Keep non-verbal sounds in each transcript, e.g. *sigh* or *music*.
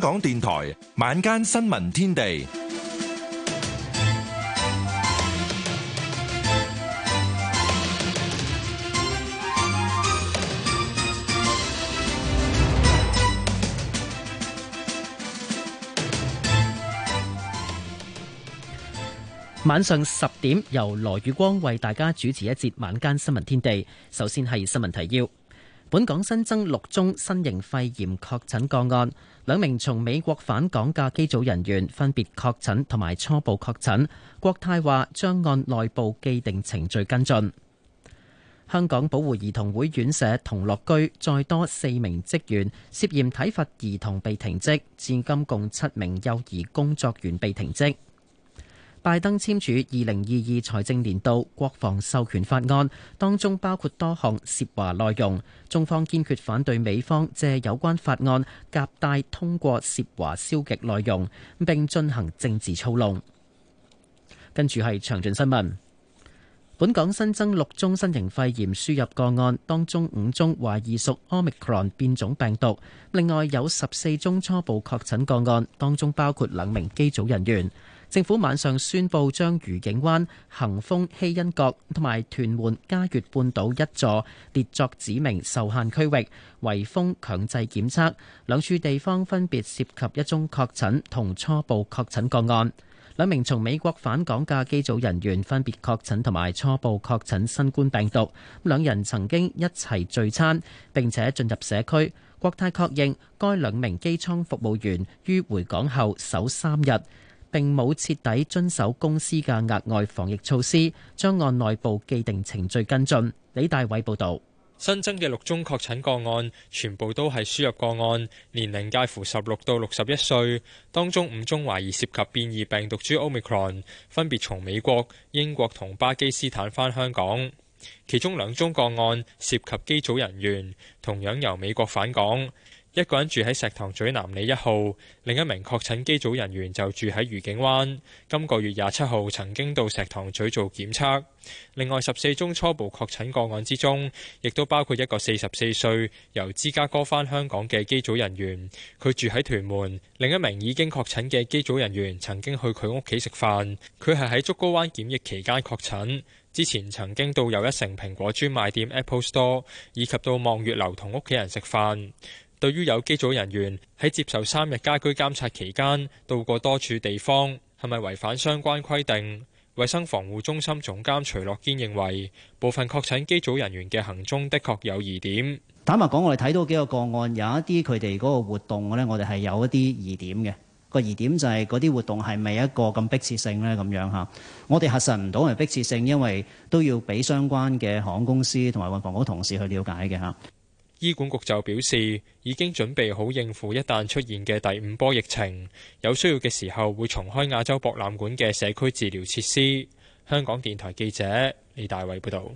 香港電台晚間新聞天地，晚上十點由羅宇光為大家主持一節晚間新聞天地。首先係新聞提要。本港新增六宗新型肺炎確診個案，兩名從美國返港嘅機組人員分別確診同埋初步確診，國泰話將按內部既定程序跟進。香港保護兒童會院舍同樂居再多四名職員涉嫌體罰兒童被停職，至今共七名幼兒工作員被停職。拜登簽署二零二二財政年度國防授權法案，當中包括多項涉華內容。中方堅決反對美方借有關法案夾帶通過涉華消極內容，並進行政治操弄。跟住係詳盡新聞，本港新增六宗新型肺炎輸入個案，當中五宗懷疑屬 Omicron 變種病毒，另外有十四宗初步確診個案，當中包括兩名機組人員。政府晚上宣布將，將愉景灣恒豐希欣閣同埋屯門嘉悦半島一座列作指明受限區域，圍封強制檢測兩處地方分別涉及一宗確診同初步確診個案。兩名從美國返港嘅機組人員分別確診同埋初步確診新冠病毒，兩人曾經一齊聚餐並且進入社區，國泰確認該兩名機艙服務員於回港後首三日。並冇徹底遵守公司嘅額外防疫措施，將按內部既定程序跟進。李大偉報導，新增嘅六宗確診個案全部都係輸入個案，年齡介乎十六到六十一歲，當中五宗懷疑涉、涉及變異病毒株 Omicron，分別從美國、英國同巴基斯坦返香港，其中兩宗個案涉及機組人員，同樣由美國返港。一個人住喺石塘咀南里一號，另一名確診機組人員就住喺愉景灣。今個月廿七號曾經到石塘咀做檢測。另外十四宗初步確診個案之中，亦都包括一個四十四歲由芝加哥返香港嘅機組人員，佢住喺屯門。另一名已經確診嘅機組人員曾經去佢屋企食飯，佢係喺竹篙灣檢疫期間確診，之前曾經到又一城蘋果專賣店 （Apple Store） 以及到望月樓同屋企人食飯。對於有機組人員喺接受三日家居監察期間到過多處地方，係咪違反相關規定？衛生防護中心總監徐樂堅認為，部分確診機組人員嘅行蹤，的確有疑點。坦白講，我哋睇到幾個個案，有一啲佢哋嗰個活動嘅，我哋係有一啲疑點嘅。個疑點就係嗰啲活動係咪一個咁迫切性呢？咁樣嚇，我哋核實唔到係迫切性，因為都要俾相關嘅航空公司同埋運房局同事去了解嘅嚇。醫管局就表示，已經準備好應付一旦出現嘅第五波疫情，有需要嘅時候會重開亞洲博覽館嘅社區治療設施。香港電台記者李大衛報導。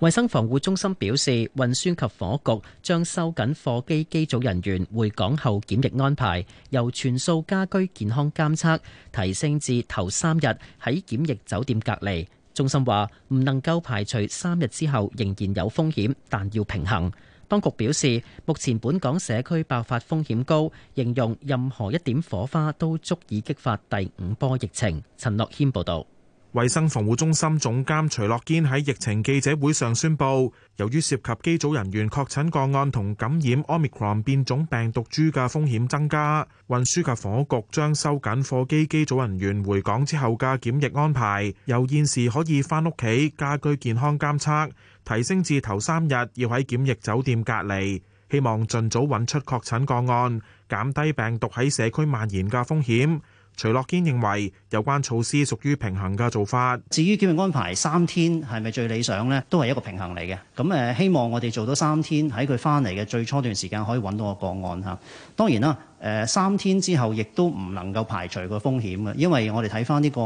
衛生防護中心表示，運輸及火局將收緊貨機機組人員回港後檢疫安排，由全數家居健康監測提升至頭三日喺檢疫酒店隔離。中心話唔能夠排除三日之後仍然有風險，但要平衡。當局表示，目前本港社區爆發風險高，形容任何一點火花都足以激發第五波疫情。陳樂軒報導。衛生防護中心總監徐樂堅喺疫情記者會上宣佈，由於涉及機組人員確診個案同感染 Omicron 變種病毒株嘅風險增加，運輸及房屋局將收緊貨機機組人員回港之後嘅檢疫安排，由現時可以返屋企家居健康監測，提升至頭三日要喺檢疫酒店隔離，希望盡早揾出確診個案，減低病毒喺社區蔓延嘅風險。徐樂堅認為有關措施屬於平衡嘅做法。至於叫佢安排三天係咪最理想咧？都係一個平衡嚟嘅。咁誒，希望我哋做到三天喺佢翻嚟嘅最初段時間可以揾到個個案吓。當然啦，誒三天之後亦都唔能夠排除個風險嘅，因為我哋睇翻啲個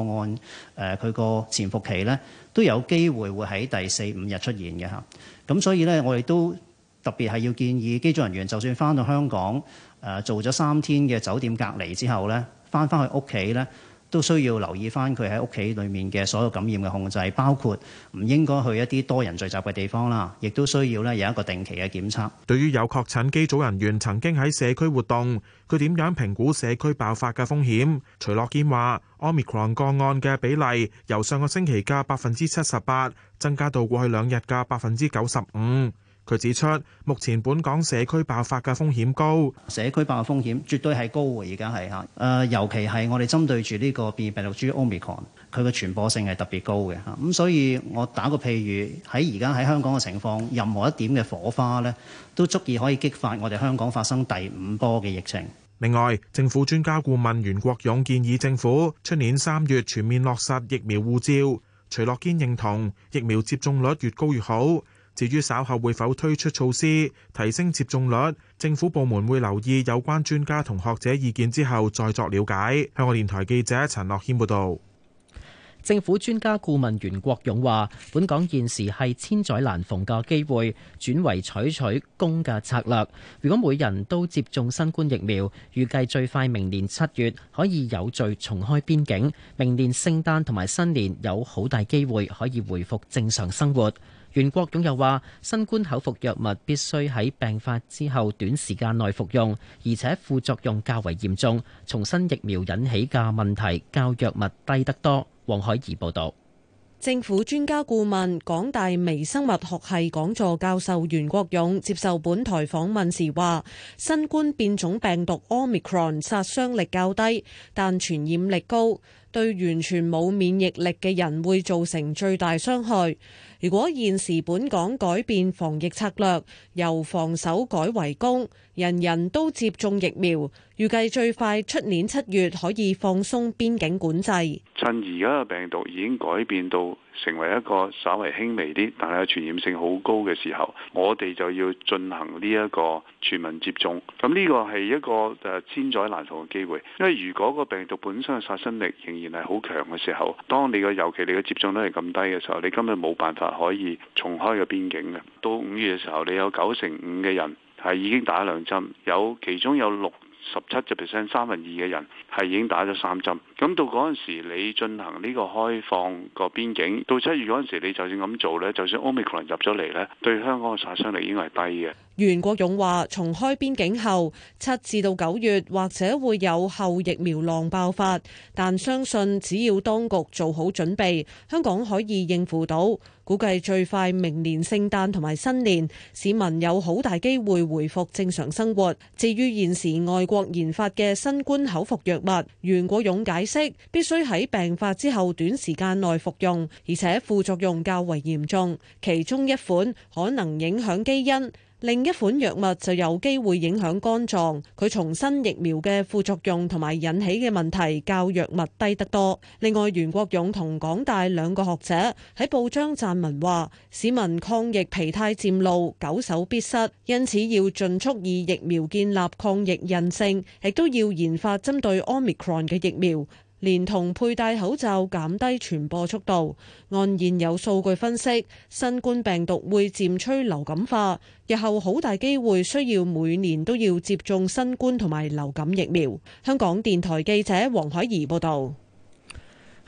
案誒，佢個潛伏期咧都有機會會喺第四五日出現嘅吓。咁所以咧，我哋都特別係要建議機組人員，就算翻到香港誒做咗三天嘅酒店隔離之後咧。返返去屋企咧，都需要留意返佢喺屋企裏面嘅所有感染嘅控制，包括唔應該去一啲多人聚集嘅地方啦。亦都需要咧有一個定期嘅檢測。對於有確診機組人員曾經喺社區活動，佢點樣評估社區爆發嘅風險？徐樂堅話：Omicron 個案嘅比例由上個星期嘅百分之七十八增加到過去兩日嘅百分之九十五。佢指出，目前本港社區爆發嘅風險高，社區爆發風險絕對係高嘅，而家係嚇。誒、呃，尤其係我哋針對住呢個變病毒株 Omicron 佢嘅傳播性係特別高嘅嚇。咁所以我打個譬如，喺而家喺香港嘅情況，任何一點嘅火花咧，都足以可以激發我哋香港發生第五波嘅疫情。另外，政府專家顧問袁國勇建議政府出年三月全面落實疫苗護照。徐樂堅認同，疫苗接種率越高越好。至於稍後會否推出措施提升接種率，政府部門會留意有關專家同學者意見之後再作了解。香港電台記者陳樂軒報導。政府專家顧問袁國勇話，本港現時係千載難逢嘅機會，轉為採取攻嘅策略。如果每人都接種新冠疫苗，預計最快明年七月可以有序重開邊境，明年聖誕同埋新年有好大機會可以回復正常生活。袁國勇又話，新冠口服藥物必須喺病發之後短時間內服用，而且副作用較為嚴重。重新疫苗引起嘅問題，較藥物低得多。黃海怡報導。政府專家顧問、港大微生物學系講座教授袁國勇接受本台訪問時話，新冠變種病毒 Omicron 殺傷力較低，但傳染力高，對完全冇免疫力嘅人會造成最大傷害。如果現時本港改變防疫策略，由防守改為攻，人人都接種疫苗，預計最快出年七月可以放鬆邊境管制。趁而家嘅病毒已經改變到，成為一個稍微輕微啲，但係傳染性好高嘅時候，我哋就要進行呢一個全民接種。咁呢個係一個誒千載難逢嘅機會，因為如果個病毒本身嘅殺傷力仍然係好強嘅時候，當你嘅尤其你嘅接種率係咁低嘅時候，你根本冇辦法可以重開個邊境嘅。到五月嘅時候，你有九成五嘅人係已經打兩針，有其中有六十七隻 percent 三分二嘅人係已經打咗三針，咁到嗰陣時你進行呢個開放個邊境，到七月嗰陣時你就算咁做咧，就算 Omicron 入咗嚟咧，對香港嘅殺傷力已經係低嘅。袁國勇話，從開邊境後七至到九月或者會有後疫苗浪爆發，但相信只要當局做好準備，香港可以應付到。估計最快明年聖誕同埋新年，市民有好大機會回復正常生活。至於現時外國。國研發嘅新冠口服藥物，袁國勇解釋，必須喺病發之後短時間內服用，而且副作用較為嚴重，其中一款可能影響基因。另一款藥物就有機會影響肝臟，佢重新疫苗嘅副作用同埋引起嘅問題較藥物低得多。另外，袁國勇同港大兩個學者喺報章撰文話：市民抗疫疲態漸露，久守必失，因此要盡速以疫苗建立抗疫韌性，亦都要研發針對 Omicron 嘅疫苗。連同佩戴口罩，減低傳播速度。按現有數據分析，新冠病毒會漸趨流感化，日後好大機會需要每年都要接種新冠同埋流感疫苗。香港電台記者黃海怡報道。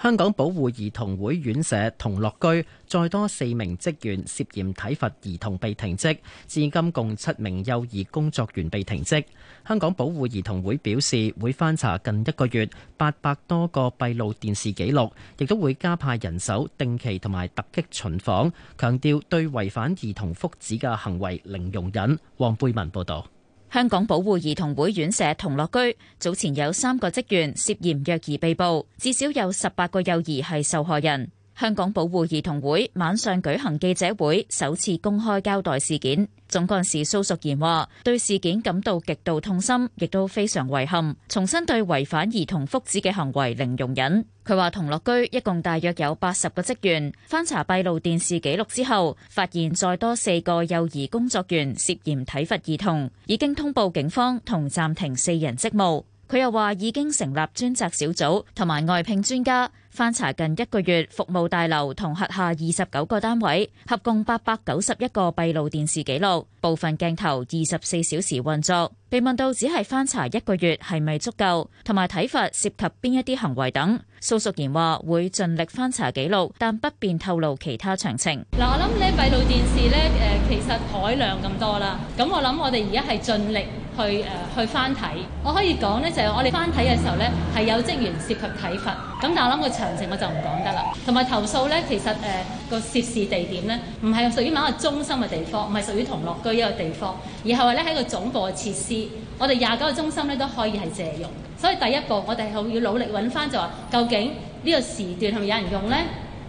香港保護兒童會院舍同樂居再多四名職員涉嫌體罰兒童被停職，至今共七名幼兒工作員被停職。香港保護兒童會表示會翻查近一個月八百多個閉路電視記錄，亦都會加派人手定期同埋突擊巡訪，強調對違反兒童福祉嘅行為零容忍。黃貝文報道。香港保護兒童會院舍童樂居早前有三個職員涉嫌虐兒被捕，至少有十八個幼兒係受害人。香港保護兒童會晚上舉行記者會，首次公開交代事件。總幹事蘇淑賢話：對事件感到極度痛心，亦都非常遺憾。重新對違反兒童福祉嘅行為零容忍。佢話：同樂居一共大約有八十個職員，翻查閉路電視記錄之後，發現再多四個幼兒工作員涉嫌體罰兒童，已經通報警方同暫停四人職務。佢又話：已經成立專責小組同埋外聘專家。翻查近一個月服務大樓同轄下二十九個單位，合共八百九十一個閉路電視記錄，部分鏡頭二十四小時運作。被問到只係翻查一個月係咪足夠，同埋體罰涉及邊一啲行為等，蘇淑賢話會盡力翻查記錄，但不便透露其他詳情。嗱，我諗呢閉路電視咧，誒，其實海量咁多啦，咁我諗我哋而家係盡力。去誒、呃、去翻睇，我可以講呢，就係、是、我哋翻睇嘅時候呢，係有職員涉及體罰，咁但係我諗個詳情我就唔講得啦。同埋投訴呢，其實誒、呃、個涉事地點呢，唔係屬於某個中心嘅地方，唔係屬於同樂居一個地方，而係話呢喺個總部嘅設施，我哋廿九個中心呢都可以係借用。所以第一步我哋係要努力揾翻就話，究竟呢個時段係咪有人用呢？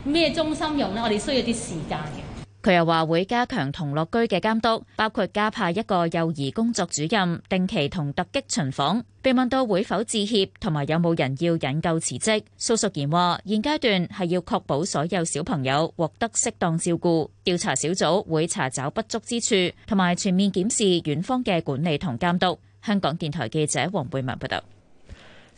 咩中心用呢？我哋需要啲時間。佢又話會加強同樂居嘅監督，包括加派一個幼兒工作主任，定期同突擊巡訪。被問到會否致歉同埋有冇人要引咎辭職，蘇淑賢話：現階段係要確保所有小朋友獲得適當照顧，調查小組會查找不足之處，同埋全面檢視院方嘅管理同監督。香港電台記者黃貝文報道。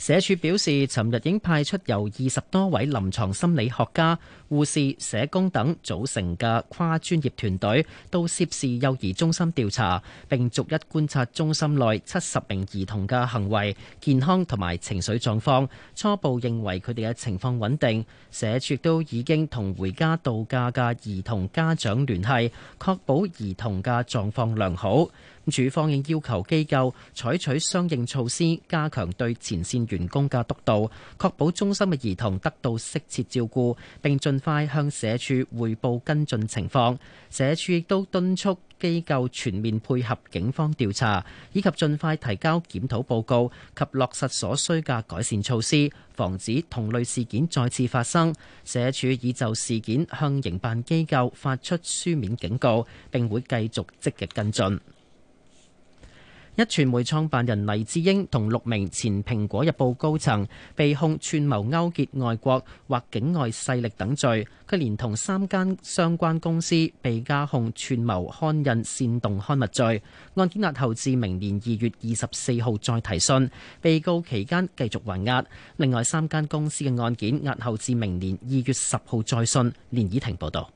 社署表示，尋日已經派出由二十多位臨床心理學家、護士、社工等組成嘅跨專業團隊到涉事幼兒中心調查，並逐一觀察中心內七十名兒童嘅行為、健康同埋情緒狀況。初步認為佢哋嘅情況穩定。社署都已經同回家度假嘅兒童家長聯繫，確保兒童嘅狀況良好。主方署方應要求機構採取相應措施，加強對前線員工嘅督導，確保中心嘅兒童得到適切照顧，並盡快向社署匯報跟進情況。社署亦都敦促機構全面配合警方調查，以及盡快提交檢討報告及落實所需嘅改善措施，防止同類事件再次發生。社署已就事件向營辦機構發出書面警告，並會繼續積極跟進。壹傳媒創辦人黎智英同六名前蘋果日報高層被控串謀勾結外國或境外勢力等罪，佢連同三間相關公司被加控串謀刊印煽動刊物罪，案件押後至明年二月二十四號再提訊。被告期間繼續還押。另外三間公司嘅案件押後至明年二月十號再訊。連以婷報道。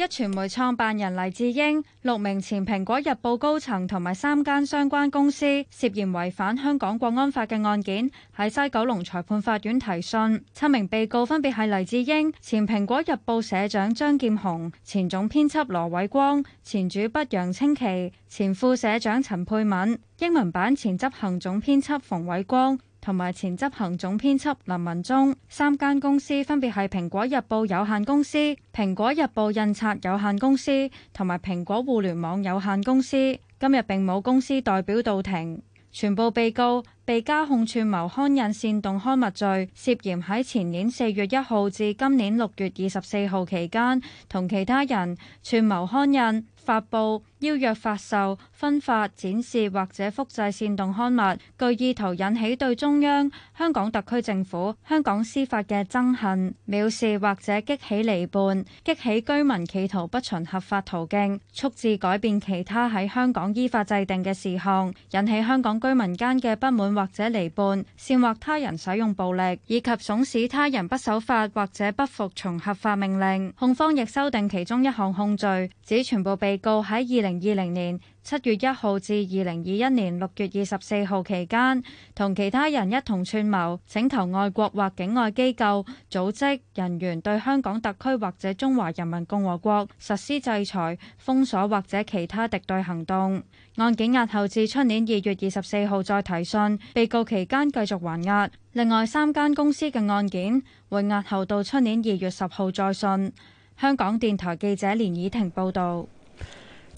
一傳媒創辦人黎智英、六名前蘋果日報高層同埋三間相關公司涉嫌違反香港國安法嘅案件，喺西九龍裁判法院提訊。七名被告分別係黎智英、前蘋果日報社長張劍虹、前總編輯羅偉光、前主筆楊清奇、前副社長陳佩敏、英文版前執行總編輯馮偉光。同埋前執行總編輯林文忠，三間公司分別係蘋果日報有限公司、蘋果日報印刷有限公司同埋蘋果互聯網有限公司。今日並冇公司代表到庭，全部被告被加控串謀刊印煽動刊物罪，涉嫌喺前年四月一號至今年六月二十四號期間，同其他人串謀刊印發佈。邀約發售、分發、展示或者複製煽動刊物，具意圖引起對中央、香港特區政府、香港司法嘅憎恨、藐視或者激起離叛、激起居民企圖不循合法途徑、促致改變其他喺香港依法制定嘅事項、引起香港居民間嘅不滿或者離叛、煽惑他人使用暴力以及慫使他人不守法或者不服從合法命令。控方亦修訂其中一項控罪，指全部被告喺二零。二零二零年七月一號至二零二一年六月二十四號期間，同其他人一同串謀，請求外國或境外機構、組織人員對香港特區或者中華人民共和國實施制裁、封鎖或者其他敵對行動。案件押後至出年二月二十四號再提訊，被告期間繼續還押。另外三間公司嘅案件會押後到出年二月十號再訊。香港電台記者連綺婷報道。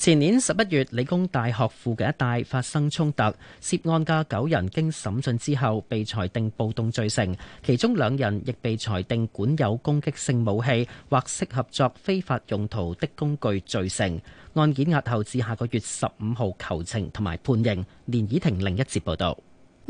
前年十一月，理工大學附近一帶發生衝突，涉案嘅九人經審訊之後被裁定暴動罪成，其中兩人亦被裁定管有攻擊性武器或適合作非法用途的工具罪成。案件押後至下個月十五號求情同埋判刑。連倚婷另一節報道。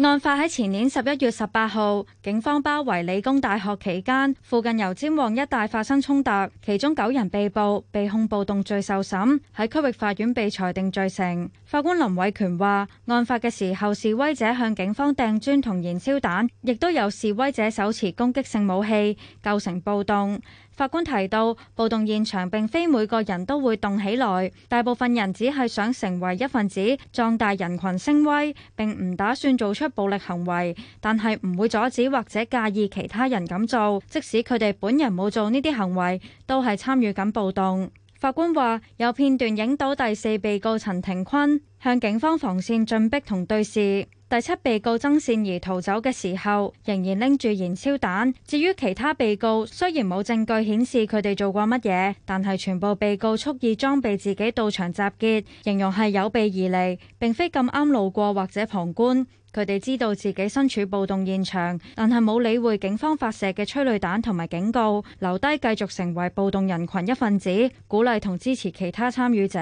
案發喺前年十一月十八號，警方包圍理工大學期間，附近油尖旺一帶發生衝突，其中九人被捕，被控暴動罪受審，喺區域法院被裁定罪成。法官林偉權話，案發嘅時候，示威者向警方掟磚同燃燒彈，亦都有示威者手持攻擊性武器，構成暴動。法官提到，暴動現場並非每個人都會動起來，大部分人只係想成為一分子，壯大人群聲威，並唔打算做出暴力行為，但係唔會阻止或者介意其他人咁做，即使佢哋本人冇做呢啲行為，都係參與緊暴動。法官話有片段影到第四被告陳庭坤向警方防線進逼同對視。第七被告曾善怡逃走嘅時候，仍然拎住燃燒彈。至於其他被告，雖然冇證據顯示佢哋做過乜嘢，但係全部被告蓄意裝備自己到場集結，形容係有備而嚟，並非咁啱路過或者旁觀。佢哋知道自己身處暴動現場，但係冇理會警方發射嘅催淚彈同埋警告，留低繼續成為暴動人群一份子，鼓勵同支持其他參與者。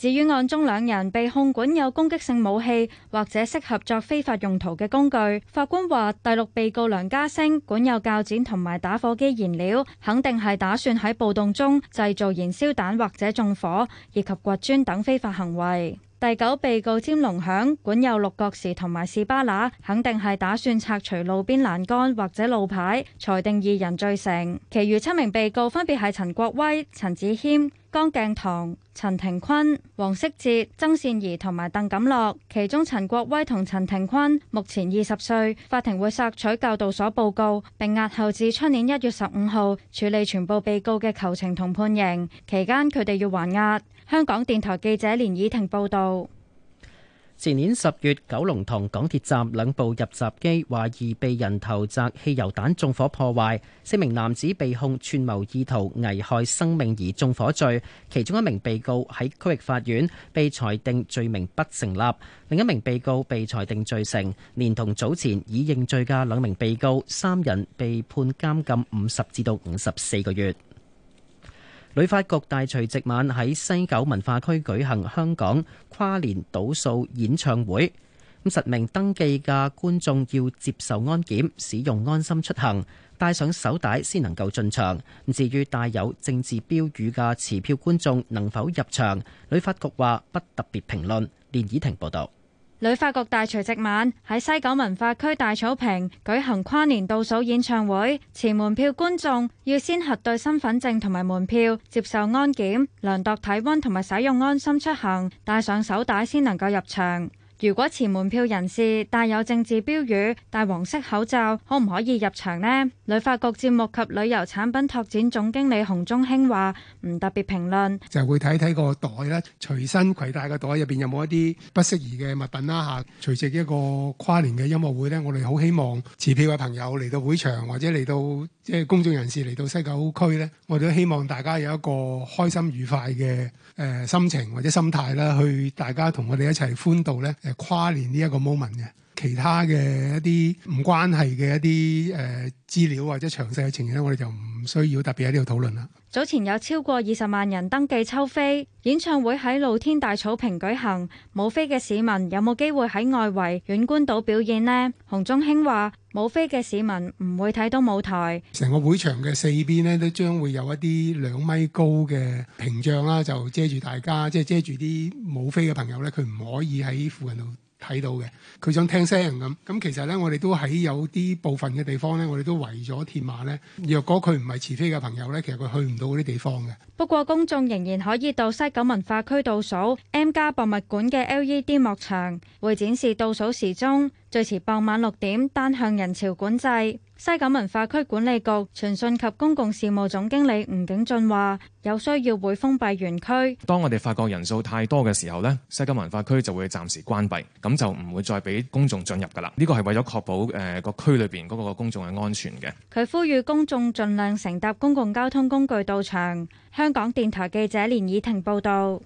至於案中兩人被控管有攻擊性武器或者適合作非法用途嘅工具，法官話：第六被告梁家升管有鉸剪同埋打火機燃料，肯定係打算喺暴動中製造燃燒彈或者縱火以及掘磚等非法行為。第九被告詹龍響管有六角匙同埋士巴拿，肯定係打算拆除路邊欄杆或者路牌。裁定二人罪成。其餘七名被告分別係陳國威、陳子謙、江鏡堂、陳庭坤、黃色哲、曾善儀同埋鄧錦樂，其中陳國威同陳庭坤目前二十歲，法庭會索取教導所報告，並押後至出年一月十五號處理全部被告嘅求情同判刑，期間佢哋要還押。香港電台記者連以婷報道。前年十月，九龍塘港鐵站兩部入閘機懷疑被人投擲汽油彈縱火破壞，四名男子被控串謀意圖危害生命而縱火罪，其中一名被告喺區域法院被裁定罪名不成立，另一名被告被裁定罪成，連同早前已認罪嘅兩名被告，三人被判監禁五十至到五十四個月。旅發局大除夕晚喺西九文化區舉行香港跨年倒數演唱會，咁實名登記嘅觀眾要接受安檢，使用安心出行，戴上手帶先能夠進場。至於帶有政治標語嘅持票觀眾能否入場，旅發局話不特別評論。連以婷報道。旅發局大除夕晚喺西九文化區大草坪舉行跨年倒數演唱會，持門票觀眾要先核對身份證同埋門票，接受安檢、量度體溫同埋使用安心出行，戴上手帶先能夠入場。如果持門票人士帶有政治標語、戴黃色口罩，可唔可以入場呢？旅發局節目及旅遊產品拓展總經理洪中興話：唔特別評論，就會睇睇個袋啦，隨身攜帶個袋入邊有冇一啲不適宜嘅物品啦嚇。隨住一個跨年嘅音樂會呢，我哋好希望持票嘅朋友嚟到會場或者嚟到即係公眾人士嚟到西九區呢，我哋都希望大家有一個開心愉快嘅誒心情或者心態啦，去大家同我哋一齊歡度呢。跨年呢一個 moment 嘅。其他嘅一啲唔關係嘅一啲誒、呃、資料或者詳細嘅情形，我哋就唔需要特別喺呢度討論啦。早前有超過二十萬人登記抽飛演唱會，喺露天大草坪舉行，冇飛嘅市民有冇機會喺外圍遠觀到表演呢？洪宗興話，冇飛嘅市民唔會睇到舞台。成個會場嘅四邊呢，都將會有一啲兩米高嘅屏障啦，就遮住大家，即係遮住啲冇飛嘅朋友咧，佢唔可以喺附近度。睇到嘅，佢想聽聲咁。咁其實呢，我哋都喺有啲部分嘅地方呢，我哋都圍咗鐵馬呢，若果佢唔係持飛嘅朋友呢，其實佢去唔到嗰啲地方嘅。不過公眾仍然可以到西九文化區倒數 M+ 博物館嘅 LED 幕牆，會展示倒數時鐘，最遲傍晚六點單向人潮管制。西九文化區管理局傳訊及公共事務總經理吳景俊話，有需要會封閉園區。當我哋發覺人數太多嘅時候呢，西九文化區就會暫時關閉，咁就唔會再俾公眾進入噶啦。呢個係為咗確保誒個區裏邊嗰個公眾嘅安全嘅。佢呼籲公眾盡量乘搭公共交通工具到場。香港電台記者連以婷報道。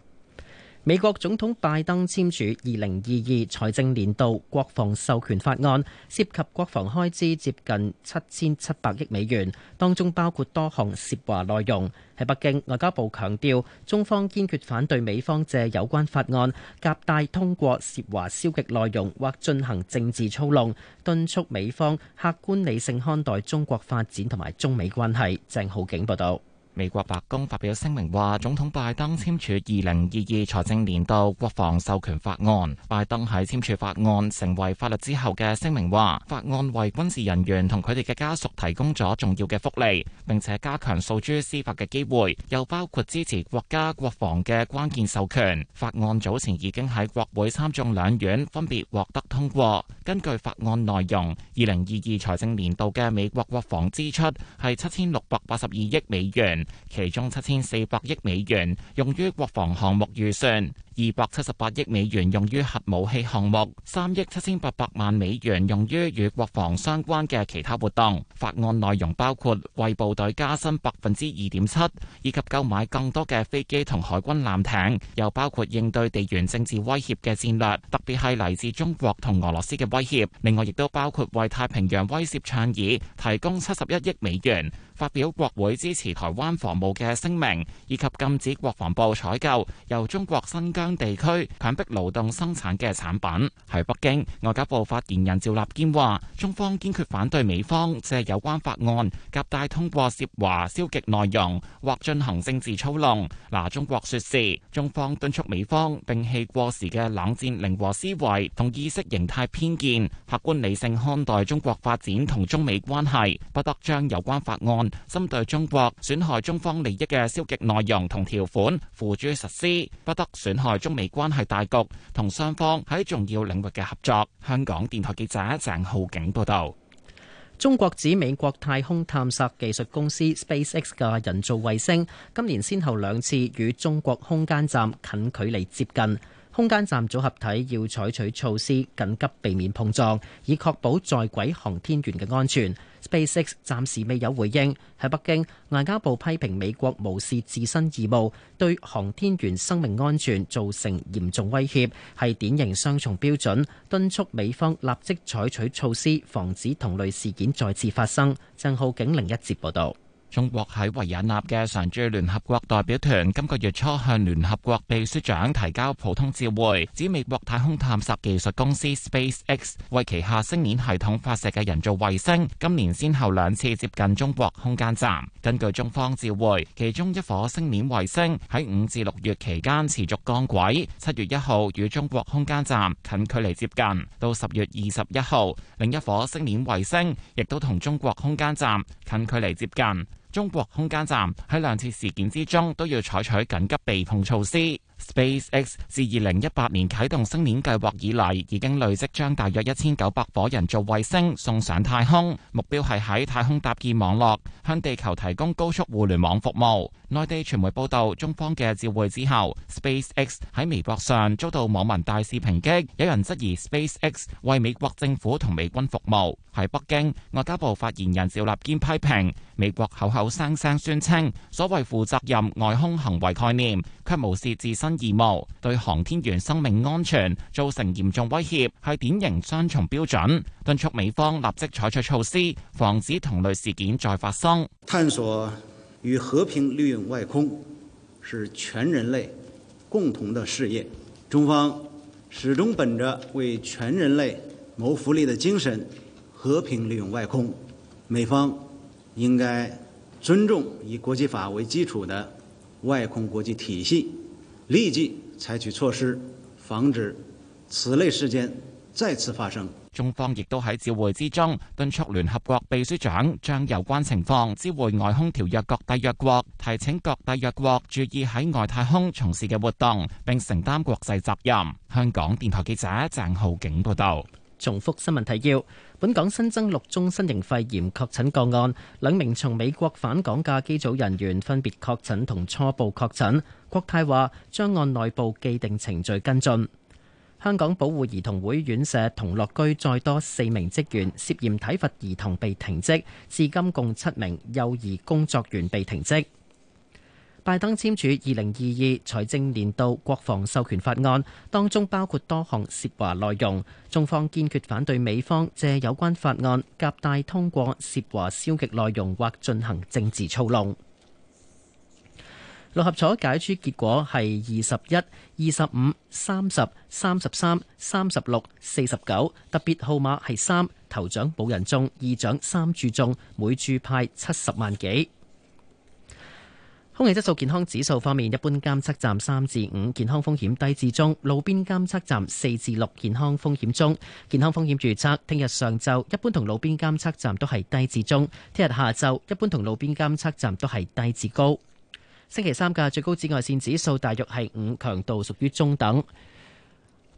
美國總統拜登簽署二零二二財政年度國防授權法案，涉及國防開支接近七千七百億美元，當中包括多項涉華內容。喺北京，外交部強調，中方堅決反對美方借有關法案夾帶通過涉華消極內容或進行政治操弄，敦促美方客觀理性看待中國發展同埋中美關係。鄭浩景報道。美國白宮發表聲明話，總統拜登簽署二零二二財政年度國防授權法案。拜登喺簽署法案成為法律之後嘅聲明話，法案為軍事人員同佢哋嘅家屬提供咗重要嘅福利，並且加強訴諸司法嘅機會，又包括支持國家國防嘅關鍵授權。法案早前已經喺國會參眾兩院分別獲得通過。根據法案內容，二零二二財政年度嘅美國國防支出係七千六百八十二億美元。其中七千四百億美元用於國防項目預算。二百七十八億美元用於核武器項目，三億七千八百萬美元用於與國防相關嘅其他活動。法案內容包括為部隊加薪百分之二點七，以及購買更多嘅飛機同海軍艦艇，又包括應對地緣政治威脅嘅戰略，特別係嚟自中國同俄羅斯嘅威脅。另外，亦都包括為太平洋威懾倡議提供七十一億美元，發表國會支持台灣防務嘅聲明，以及禁止國防部採購由中國新疆疆地區強迫勞動生產嘅產品。喺北京，外交部發言人趙立堅話，中方堅決反對美方借有關法案夾帶通過涉華消極內容或進行政治操弄，拿中國說事，中方敦促美方摒棄過時嘅冷戰零和思維同意識形態偏見，客觀理性看待中國發展同中美關係，不得將有關法案針對中國損害中方利益嘅消極內容同條款付諸實施，不得損害中美關係大局同雙方喺重要領域嘅合作。香港電台記者鄭浩景報道。中國指美國太空探索技術公司 SpaceX 嘅人造衛星今年先後兩次與中國空間站近距離接近，空間站組合體要採取措施緊急避免碰撞，以確保在軌航天員嘅安全。SpaceX 暫時未有回應。喺北京，外交部批評美國無視自身義務，對航天員生命安全造成嚴重威脅，係典型雙重標準，敦促美方立即採取措施，防止同類事件再次發生。鄭浩景另一節報導。中國喺維也納嘅常駐聯合國代表團今個月初向聯合國秘書長提交普通照會，指美國太空探索技術公司 SpaceX 為旗下星鏈系統發射嘅人造衛星，今年先後兩次接近中國空間站。根據中方照會，其中一顆星鏈衛星喺五至六月期間持續降軌，七月一號與中國空間站近距離接近；到十月二十一號，另一顆星鏈衛星亦都同中國空間站近距離接近。中國空間站喺兩次事件之中，都要採取緊急避碰措施。SpaceX 自二零一八年啟動星鏈計劃以嚟，已經累積將大約一千九百顆人造衛星送上太空。目標係喺太空搭建網絡，向地球提供高速互聯網服務。內地傳媒報道，中方嘅召會之後，SpaceX 喺微博上遭到網民大肆抨擊，有人質疑 SpaceX 為美國政府同美軍服務。喺北京，外交部發言人趙立堅批評美國口口聲聲宣稱所謂負責任外空行為概念，卻無視自身。義務對航天員生命安全造成嚴重威脅，係典型雙重標準，敦促美方立即採取措施，防止同類事件再發生。探索與和平利用外空是全人類共同的事業，中方始終本着為全人類謀福利的精神和平利用外空。美方應該尊重以國際法為基礎的外空國際體系。立即採取措施，防止此類事件再次發生。中方亦都喺召會之中敦促聯合國秘書長將有關情況知會外空條約各締約國，提請各締約國注意喺外太空從事嘅活動，並承擔國際責任。香港電台記者鄭浩景報道。重複新聞提要。本港新增六宗新型肺炎確診個案，兩名從美國返港嘅機組人員分別確診同初步確診，國泰話將按內部既定程序跟進。香港保護兒童會院舍同樂居再多四名職員涉嫌體罰兒童被停職，至今共七名幼兒工作員被停職。拜登簽署二零二二財政年度國防授權法案，當中包括多項涉華內容。中方堅決反對美方借有關法案夾帶通過涉華消極內容或進行政治操弄。六合彩解珠結果係二十一、二十五、三十、三十三、三十六、四十九。特別號碼係三，頭獎冇人中，二獎三注中，每注派七十萬幾。空氣質素健康指數方面，一般監測站三至五，健康風險低至中；路邊監測站四至六，健康風險中。健康風險預測：聽日上晝一般同路邊監測站都係低至中；聽日下晝一般同路邊監測站都係低至高。星期三嘅最高紫外線指數大約係五，強度屬於中等。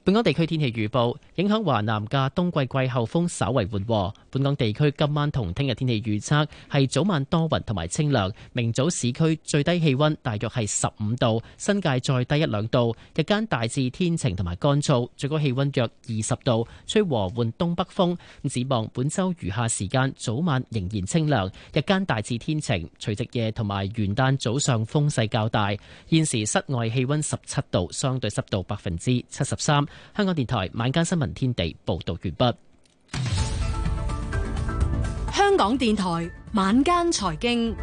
本港地區天氣預報，影響華南嘅冬季季候風稍為緩和。本港地區今晚同聽日天氣預測，係早晚多雲同埋清涼，明早市區最低氣溫大約係十五度，新界再低一兩度。日間大致天晴同埋乾燥，最高氣溫約二十度，吹和緩東北風，展望本周餘下時間早晚仍然清涼，日間大致天晴。除夕夜同埋元旦早上風勢較大。現時室外氣溫十七度，相對濕度百分之七十三。香港電台晚間新聞天地報道完畢。香港電台晚間財經，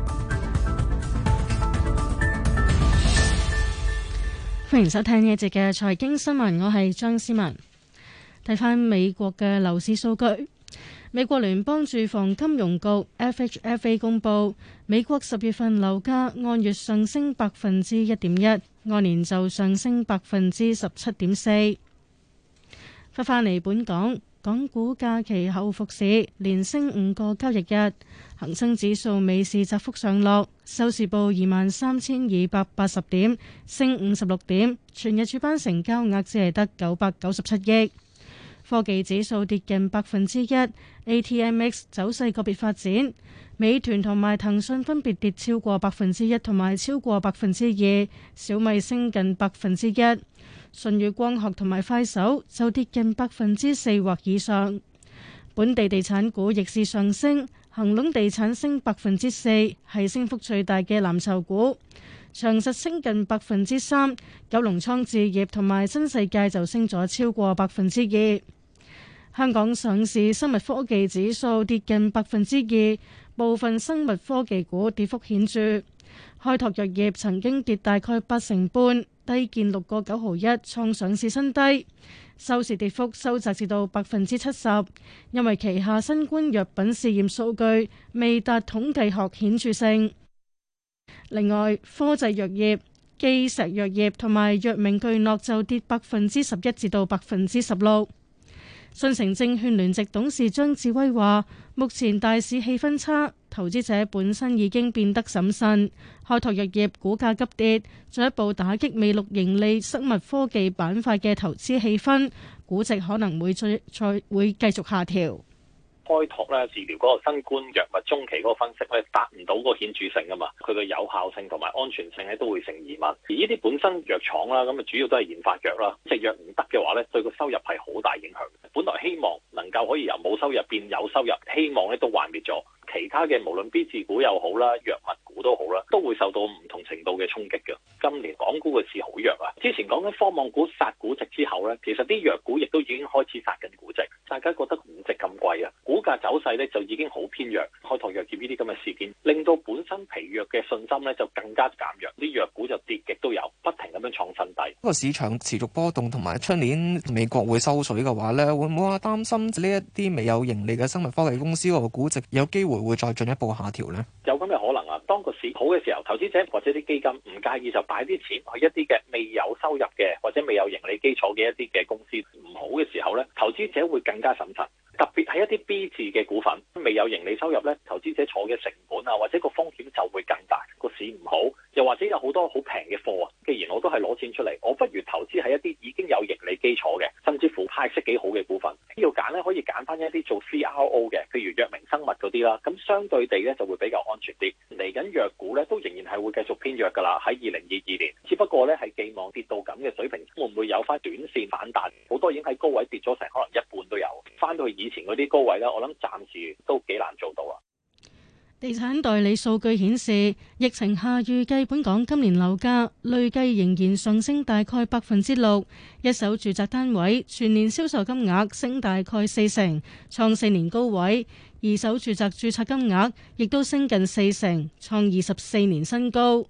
歡迎收聽呢節嘅財經新聞，我係張思文。睇翻美國嘅樓市數據，美國聯邦住房金融局 FHFA 公布，美國十月份樓價按月上升百分之一點一，按年就上升百分之十七點四。翻返嚟本港，港股假期後復市，連升五個交易日。恒生指數尾市窄幅上落，收市報二萬三千二百八十點，升五十六點，全日主板成交額只係得九百九十七億，科技指數跌近百分之一，ATMX 走勢個別發展。美團同埋騰訊分別跌超過百分之一同埋超過百分之二，小米升近百分之一。舜宇光學同埋快手就跌近百分之四或以上，本地地產股逆市上升，恒隆地產升百分之四，係升幅最大嘅藍籌股，長實升近百分之三，九龍倉置業同埋新世界就升咗超過百分之二。香港上市生物科技指數跌近百分之二，部分生物科技股跌幅顯著，開拓藥業曾經跌大概八成半。低見六個九毫一，創上市新低，收市跌幅收窄至到百分之七十，因為旗下新冠藥品試驗數據未達統計學顯著性。另外，科濟藥業、基石藥業同埋藥明巨諾就跌百分之十一至到百分之十六。信誠證券聯席董事張智威話。目前大市氣氛差，投資者本身已經變得審慎，開拓藥業股價急跌，進一步打擊未錄盈利生物科技板塊嘅投資氣氛，估值可能會再再會繼續下調。開拓咧治療嗰個新冠藥物中期嗰個分析咧，達唔到個顯著性啊嘛，佢嘅有效性同埋安全性咧都會成疑問。而呢啲本身藥廠啦，咁啊主要都係研發藥啦，隻藥唔得嘅話咧，對個收入係好大影響。本來希望能夠可以由冇收入變有收入，希望咧都幻滅咗。其他嘅無論 B 字股又好啦，藥物股都好啦，都會受到唔同程度嘅衝擊嘅。今年港股嘅市好弱啊！之前講緊科網股殺估值之後咧，其實啲藥股亦都已經開始殺緊估值。大家覺得估值咁貴啊，股價走勢咧就已經好偏弱。開拓藥業呢啲咁嘅事件，令到本身疲弱嘅信心咧就更加減弱，啲藥股就跌極都有，不停咁樣創新低。嗰個市場持續波動，同埋出年美國會收水嘅話咧，會唔會話擔心呢一啲未有盈利嘅生物科技公司個估值有機會？會再進一步下調咧？有咁嘅可能啊！當個市好嘅時候，投資者或者啲基金唔介意就擺啲錢去一啲嘅未有收入嘅或者未有盈利基礎嘅一啲嘅公司，唔好嘅時候咧，投資者會更加審慎。特別係一啲 B 字嘅股份，未有盈利收入呢，投資者坐嘅成本啊，或者個風險就會更大。個市唔好，又或者有好多好平嘅貨啊。既然我都係攞錢出嚟，我不如投資喺一啲已經有盈利基礎嘅，甚至乎派息幾好嘅股份。要揀呢，可以揀翻一啲做 CRO 嘅，譬如藥明生物嗰啲啦。咁相對地呢，就會比較安全啲。嚟緊藥股呢，都仍然係會繼續偏弱噶啦。喺二零二二年，只不過呢，係寄望跌到咁嘅水平，會唔會有翻短線反彈？好多已經喺高位跌咗成可能一半都有。翻到去以前嗰啲高位啦，我諗暫時都幾難做到啊。地產代理數據顯示，疫情下預計本港今年樓價累計仍然上升大概百分之六，一手住宅單位全年銷售金額升大概四成，創四年高位；二手住宅注冊金額亦都升近四成，創二十四年新高。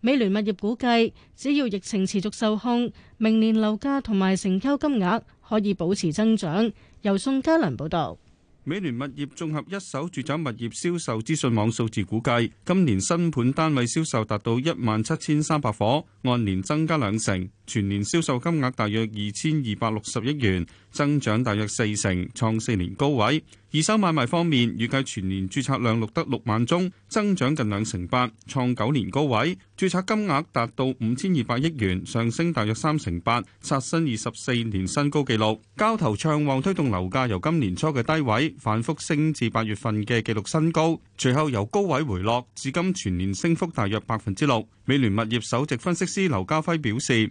美聯物業估計，只要疫情持續受控，明年樓價同埋成交金額可以保持增長。由宋嘉良報道，美聯物業綜合一手住宅物業銷售資訊網數字估計，今年新盤單位銷售達到一萬七千三百伙，按年增加兩成。全年銷售金額大約二千二百六十億元，增長大約四成，創四年高位。二手買賣方面，預計全年註冊量錄得六萬宗，增長近兩成八，創九年高位。註冊金額達到五千二百億元，上升大約三成八，刷新二十四年新高紀錄。交投暢旺推動樓價由今年初嘅低位，反覆升至八月份嘅紀錄新高，隨後由高位回落，至今全年升幅大約百分之六。美聯物業首席分析師劉家輝表示。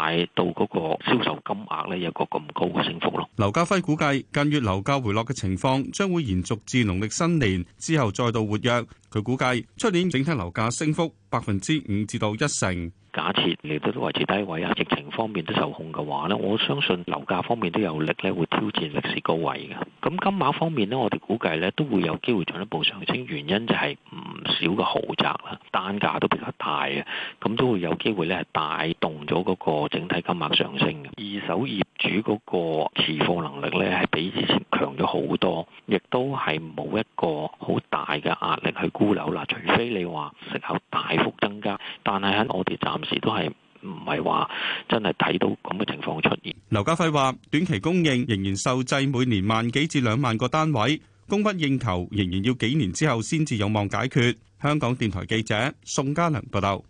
買到嗰個銷售金額呢，有個咁高嘅升幅咯。劉家輝估計，近月樓價回落嘅情況將會延續至農曆新年之後再度活躍。佢估計出年整體樓價升幅百分之五至到一成。假設你都都維持低位啊，疫情方面都受控嘅話呢，我相信樓價方面都有力咧，會挑戰歷史高位嘅。咁金額方面呢，我哋估計呢都會有機會進一步上升，原因就係唔少嘅豪宅啦，單價都比較大嘅，咁都會有機會咧帶動咗嗰個整體金額上升嘅。二手業主嗰個持貨能力呢，係比以前強咗好多，亦都係冇一個好大嘅壓力去沽樓啦。除非你話息口大幅增加，但係喺我哋時都係唔係話真係睇到咁嘅情況出現。劉家輝話：短期供應仍然受制，每年萬幾至兩萬個單位，供不應求，仍然要幾年之後先至有望解決。香港電台記者宋嘉良報道。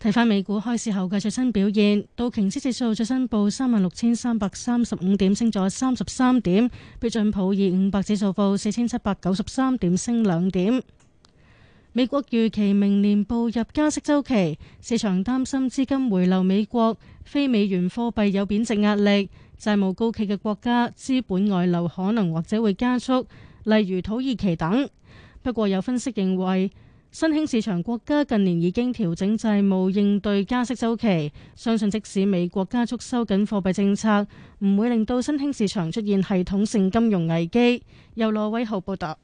睇返美股開市後嘅最新表現，道瓊斯指數最新報三萬六千三百三十五點，升咗三十三點，標準普爾五百指數報四千七百九十三點，升兩點。美國預期明年步入加息周期，市場擔心資金回流美國，非美元貨幣有貶值壓力，債務高企嘅國家資本外流可能或者會加速，例如土耳其等。不過有分析認為，新興市場國家近年已經調整債務應對加息周期，相信即使美國加速收緊貨幣政策，唔會令到新興市場出現系統性金融危機。由羅偉浩報道。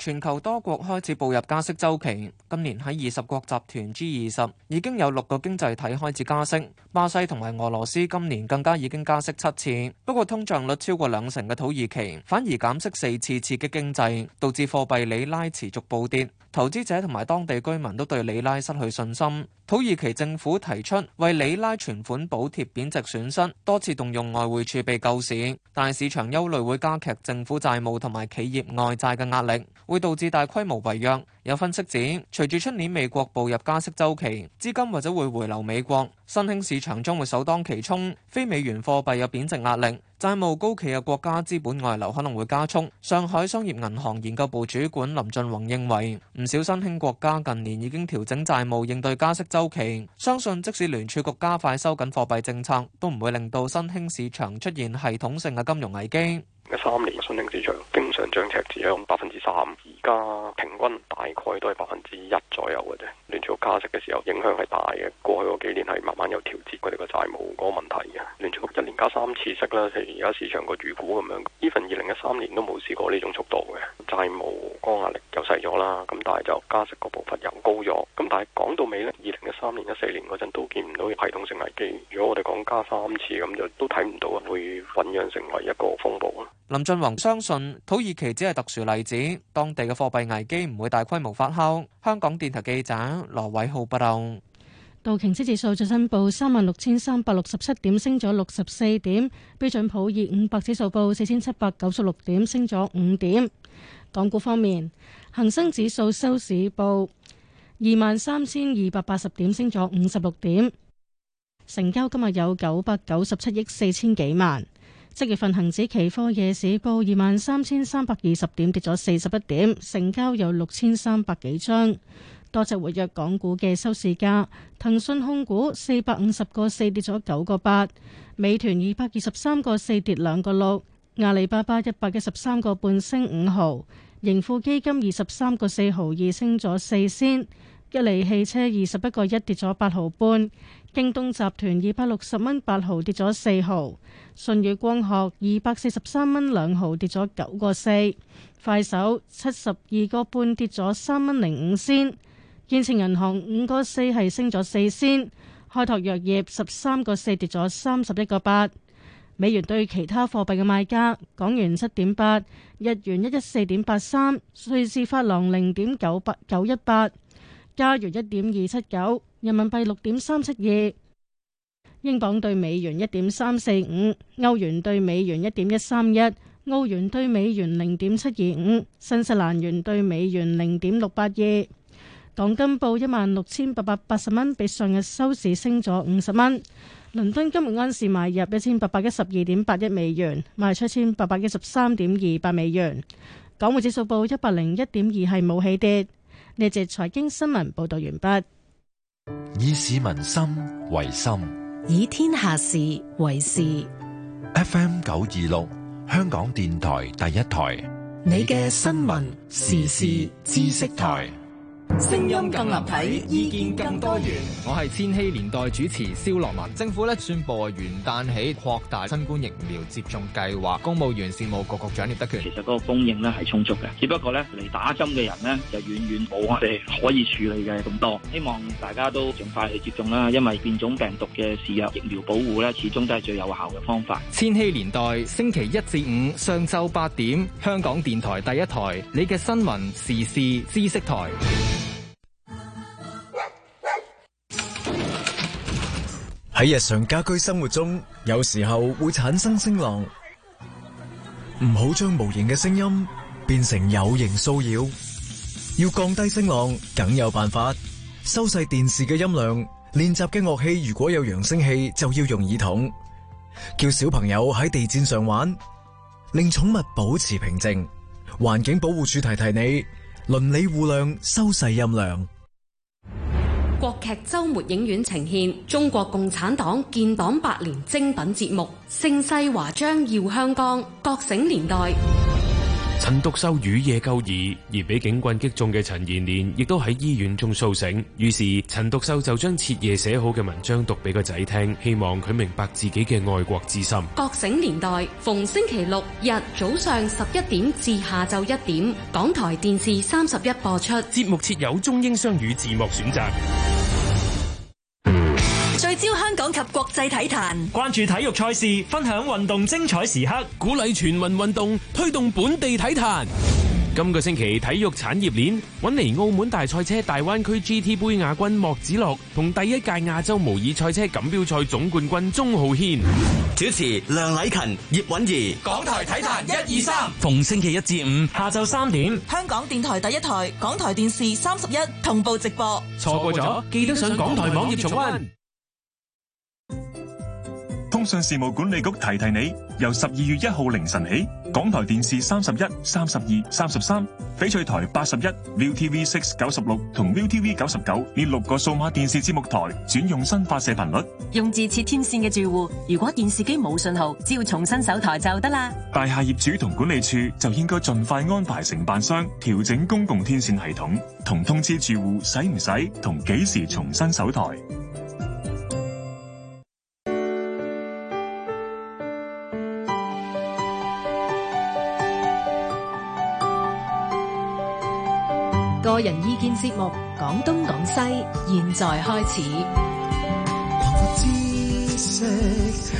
全球多國開始步入加息周期，今年喺二十國集團 G 二十已經有六個經濟體開始加息。巴西同埋俄羅斯今年更加已經加息七次，不過通脹率超過兩成嘅土耳其反而減息四次，刺激經濟，導致貨幣里拉持續暴跌。投資者同埋當地居民都對里拉失去信心。土耳其政府提出為里拉存款補貼貶值損失，多次動用外匯儲備救市，但市場憂慮會加劇政府債務同埋企業外債嘅壓力，會導致大規模違約。有分析指，隨住出年美國步入加息周期，資金或者會回流美國，新興市場將會首當其衝。非美元貨幣有貶值壓力，債務高企嘅國家資本外流可能會加速。上海商業銀行研究部主管林俊宏認為，唔少新興國家近年已經調整債務應對加息周期。相信即使聯儲局加快收緊貨幣政策，都唔會令到新興市場出現系統性嘅金融危機。一三年嘅新興市場。兩張赤字啊，咁百分之三，而家平均大概都係百分之一左右嘅啫。聯儲加息嘅時候影響係大嘅，過去嗰幾年係慢慢有調節佢哋嘅債務嗰個問題嘅。聯儲局一連加三次息啦，即係而家市場個預估咁樣呢，份二零一三年都冇試過呢種速度嘅，債務嗰個壓力又細咗啦。咁但係就加息個部分又高咗，咁但係講到尾呢，二零一三年一四年嗰陣都見唔到系統性危機，如果我哋講加三次咁就都睇唔到會醖釀成為一個風暴啦。林進宏相信土耳其其只係特殊例子，當地嘅貨幣危機唔會大規模發酵。香港電台記者羅偉浩報導，道瓊斯指數最新報三萬六千三百六十七點，升咗六十四點；標準普爾五百指數報四千七百九十六點，升咗五點。港股方面，恒生指數收市報二萬三千二百八十點，升咗五十六點。成交今日有九百九十七億四千幾萬。即月份恆指期貨夜市報二萬三千三百二十點，跌咗四十一點，成交有六千三百幾張。多隻活躍港股嘅收市價，騰訊控股四百五十個四跌咗九個八，美團二百二十三個四跌兩個六，阿里巴巴一百一十三個半升五毫，盈富基金 4, 二十三個四毫二升咗四仙，吉利汽車二十一個一跌咗八毫半。京東集團二百六十蚊八毫跌咗四毫，舜宇光學二百四十三蚊兩毫跌咗九個四，快手七十二個半跌咗三蚊零五仙，建設銀行五個四係升咗四仙，開拓藥業十三個四跌咗三十一個八，美元對其他貨幣嘅賣價，港元七點八，日元一一四點八三，瑞士法郎零點九八九一八。加元一點二七九，人民幣六點三七二，英鎊兌美元一點三四五，歐元兌美元一點一三一，歐元兌美元零點七二五，新西蘭元兌美元零點六八二。港金報一萬六千八百八十蚊，比上日收市升咗五十蚊。倫敦今日安時買入一千八百一十二點八一美元，賣出一千八百一十三點二八美元。港匯指數報一百零一點二，係冇起跌。呢節財經新聞報道完畢，以市民心為心， *noise* 以天下事為事。 *noise* FM 九二六，香港電台第一台，你嘅新聞時事知識台。聲音更立體，意見更多元。我係千禧年代主持蕭樂文。政府咧宣布元旦起擴大新冠疫苗接種計劃。公務員事務局局長聶德權，其實個供應咧係充足嘅，只不過咧嚟打針嘅人咧就遠遠冇我哋可以處理嘅咁多。希望大家都儘快去接種啦，因為變種病毒嘅事，約疫苗保護咧始終都係最有效嘅方法。千禧年代星期一至五上晝八點，香港電台第一台，你嘅新聞時事知識台。喺日常家居生活中，有時候會產生聲浪，唔好將無形嘅聲音變成有形騷擾。要降低聲浪，梗有辦法。收細電視嘅音量，練習嘅樂器如果有揚聲器，就要用耳筒。叫小朋友喺地氈上玩，令寵物保持平靜。環境保護署提提你，鄰里互諒，收細音量。國劇周末影院呈現中國共產黨建黨百年精品節目《盛世華章耀香江》覺醒年代。陳獨秀雨夜救兒，而被警棍擊中嘅陳延年亦都喺醫院中蘇醒。於是陳獨秀就將徹夜寫好嘅文章讀俾個仔聽，希望佢明白自己嘅愛國之心。覺醒年代逢星期六日早上十一點至下晝一點，港台電視三十一播出。節目設有中英雙語字幕選擇。聚焦香港及國際體壇，關注體育賽事，分享運動精彩時刻，鼓勵全民運動，推動本地體壇。 *music* 今個星期體育產業鏈揾嚟澳門大賽車大灣區 GT 杯亞軍莫子樂同第一屆亞洲模擬賽車錦標賽總冠軍鍾浩軒，主持梁禮勤、葉韻儀，港台體壇一二三，逢星期一至五下晝三點，香港電台第一台、港台電視三十一同步直播。錯過咗，記得上港台網頁重溫。通訊事務管理局提提你，由十二月一號凌晨起，港台電視三十一、三十二、三十三，翡翠台八十一，ViuTV six 九十六同 ViuTV 九十九，呢六個數碼電視節目台轉用新發射頻率。用自設天線嘅住戶，如果電視機冇信號，只要重新搜台就得啦。大廈業主同管理處就應該盡快安排承辦商調整公共天線系統，同通知住戶使唔使同幾時重新搜台。個人意見節目《講東講西》，現在開始。 *music*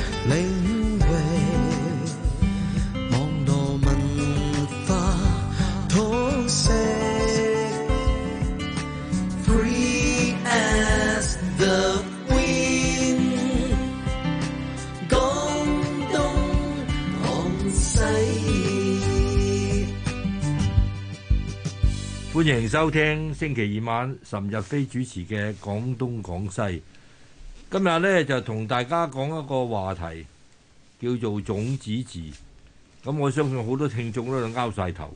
歡迎收聽星期二晚岑日飛主持嘅《廣東廣西》，今呢。今日咧就同大家講一個話題，叫做種子字。咁我相信好多聽眾都就拗晒頭，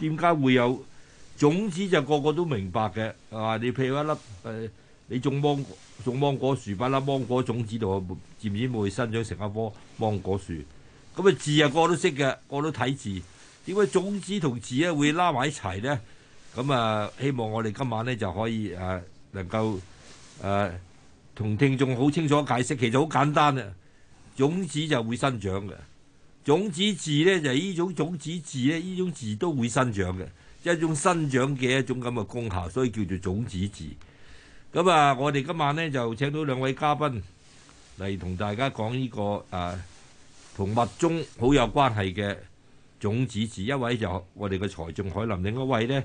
點解會有種子？就個個都明白嘅，係嘛？你譬如一粒誒、呃，你種芒果種芒果樹，把粒芒果種子度，漸漸會生長成一棵芒果樹。咁啊，字啊個，個都識嘅，個，個都睇字。點解種子同字咧會拉埋一齊咧？咁啊，希望我哋今晚咧就可以誒、啊、能夠誒、啊、同聽眾好清楚解釋。其實好簡單啊，種子就會生長嘅。種子字咧就係、是、呢種種子字咧，呢種字都會生長嘅，一種生長嘅一種咁嘅功效，所以叫做種子字。咁啊，我哋今晚咧就請到兩位嘉賓嚟同大家講呢個誒同、啊、物種好有關係嘅種子字。一位就我哋嘅財政海林，另一位咧。